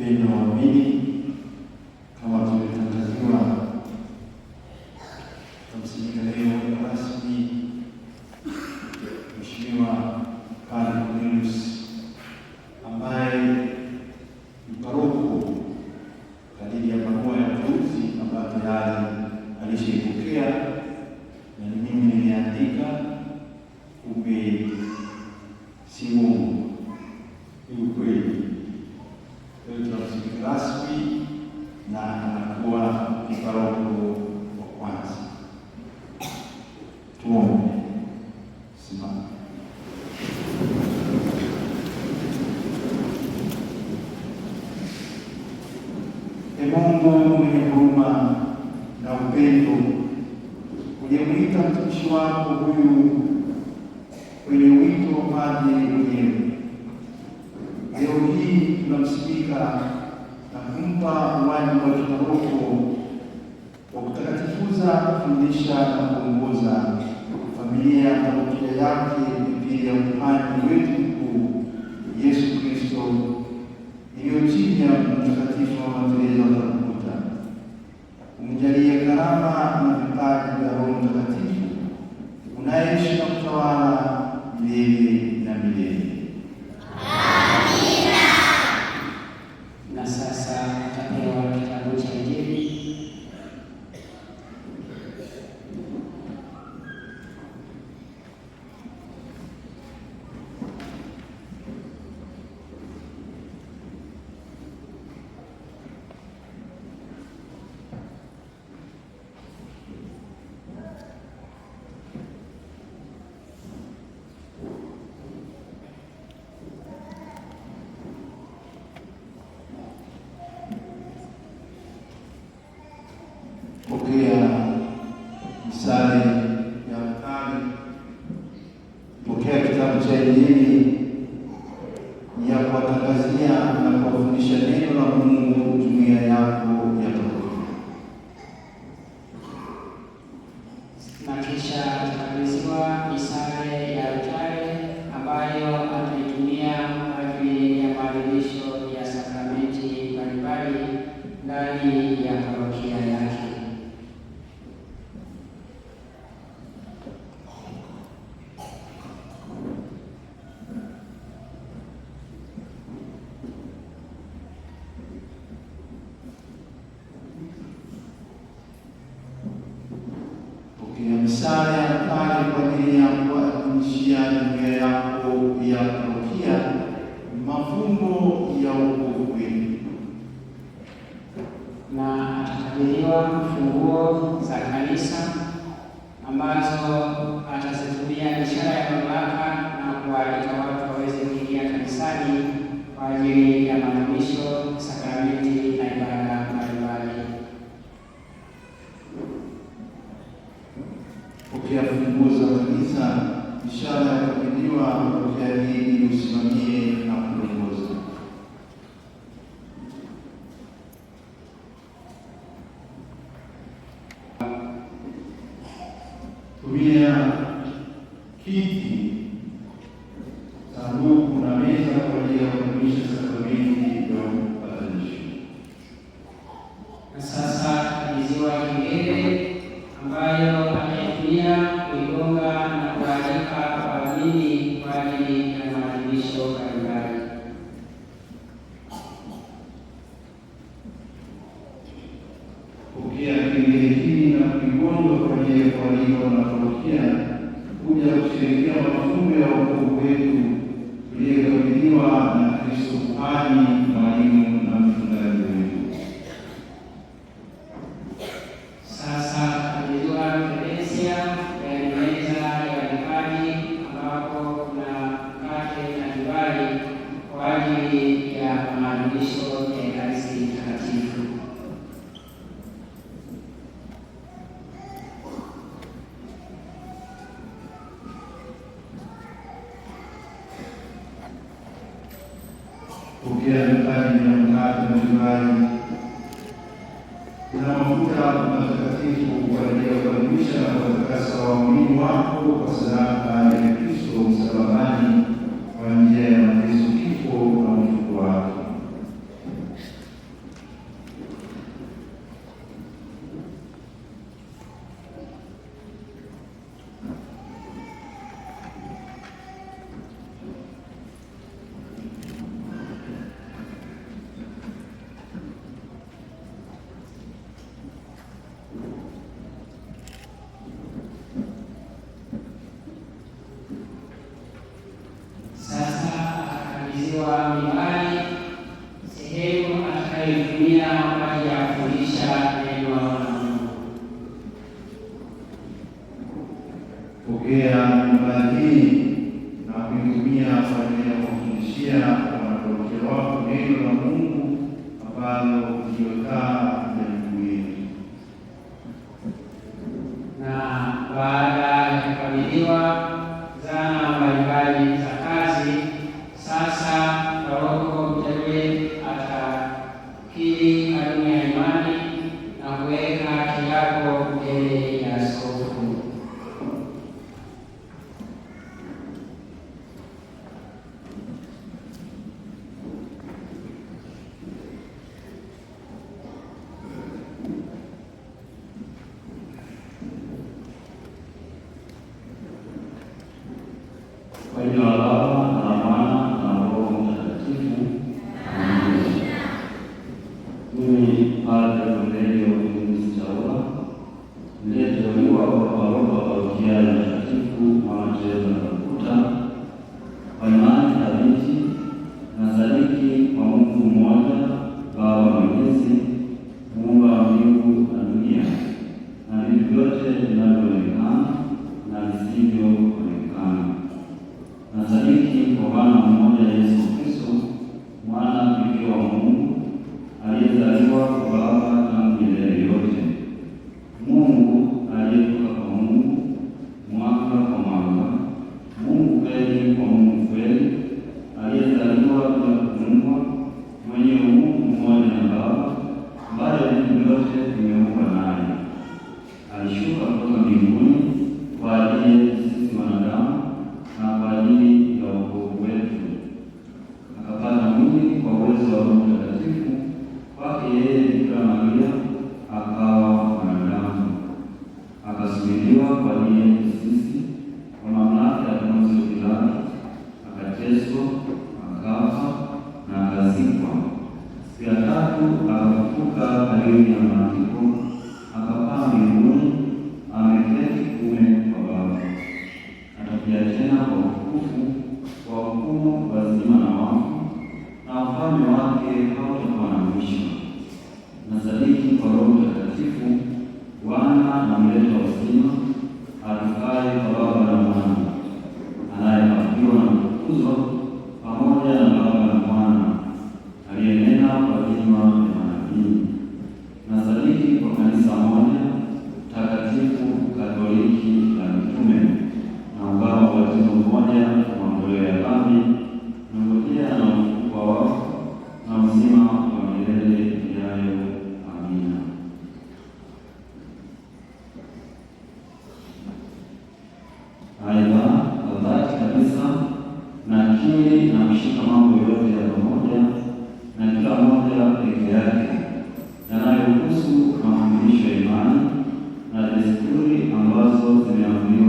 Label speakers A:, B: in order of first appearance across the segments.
A: upendo waamini kama tumetangaziwa tamsijika leo rasmi, Mheshimiwa Padre Cornelius ambaye ni paroko kadiri ya maua ya uteuzi ambayo tayari alishaipokea na mimi nimeandika huyu kwenye wito wa padre mwenyewe. Leo hii tunamsimika na kumpa uwani wa kitorogo wa kutakatifuza, kufundisha na kuongoza familia na familia yake, mipili ya kuhani wetu sala ya pale kwa ajili ya kuadhimishia jumuiya yako ya parokia mafumbo ya wokovu wenu,
B: na atakabidhiwa funguo za kanisa ambazo atazitumia ishara ya mamlaka na kualika watu waweze kuingia kanisani kwa ajili ya maadhimisho, sakramenti na ibada. na sasa kabidhiwa kengele ambayo ameitumia kuigonga na kualika waamini kwa ajili ya maadhimisho mbalimbali.
A: Kupokea kengele hii na kuigonga kwa ajili na kualika kuja kusherekea mafumbo ya wokovu wetu uliyokabidhiwa na Kristo kuhani mwalimu
B: maadhimisho ya Ekaristi Takatifu.
A: Ukiwa nyumbani na mkate mbalimbali na mafuta matakatifu Viva Bwana mmoja Yesu Kristo, mwana pekee wa Mungu aliyezaliwa kwa Baba tangu milele yote, Mungu aliyetoka kwa Mungu, mwanga kwa mwanga, Mungu kweli kwa Mungu kweli, aliyezaliwa bila kuumbwa, mwenye uungu mmoja na Baba, ambaye vitu vyote vimeumbwa naye, alishuka kutoka mbinguni kwa ajili wanawake hawatakuhaamisha na sadiki kwa Roho Mtakatifu, wana na mleta wa uzima, adukaye kwa Baba na Mwana akili na kushika mambo yote ya pamoja na kila moja peke yake yanayohusu mafundisho ya imani na desturi ambazo zimeamriwa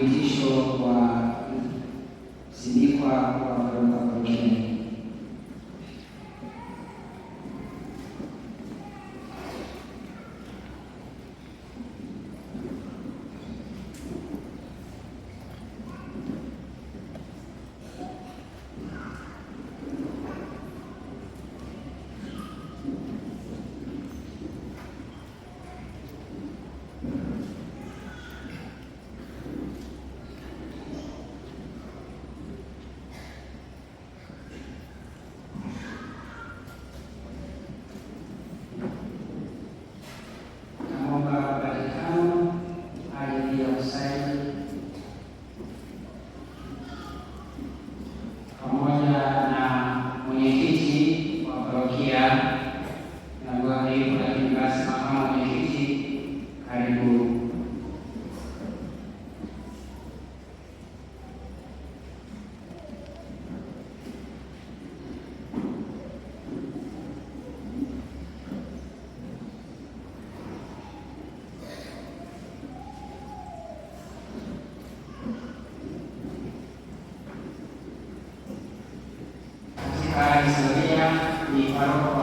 B: 你自说吧。gracias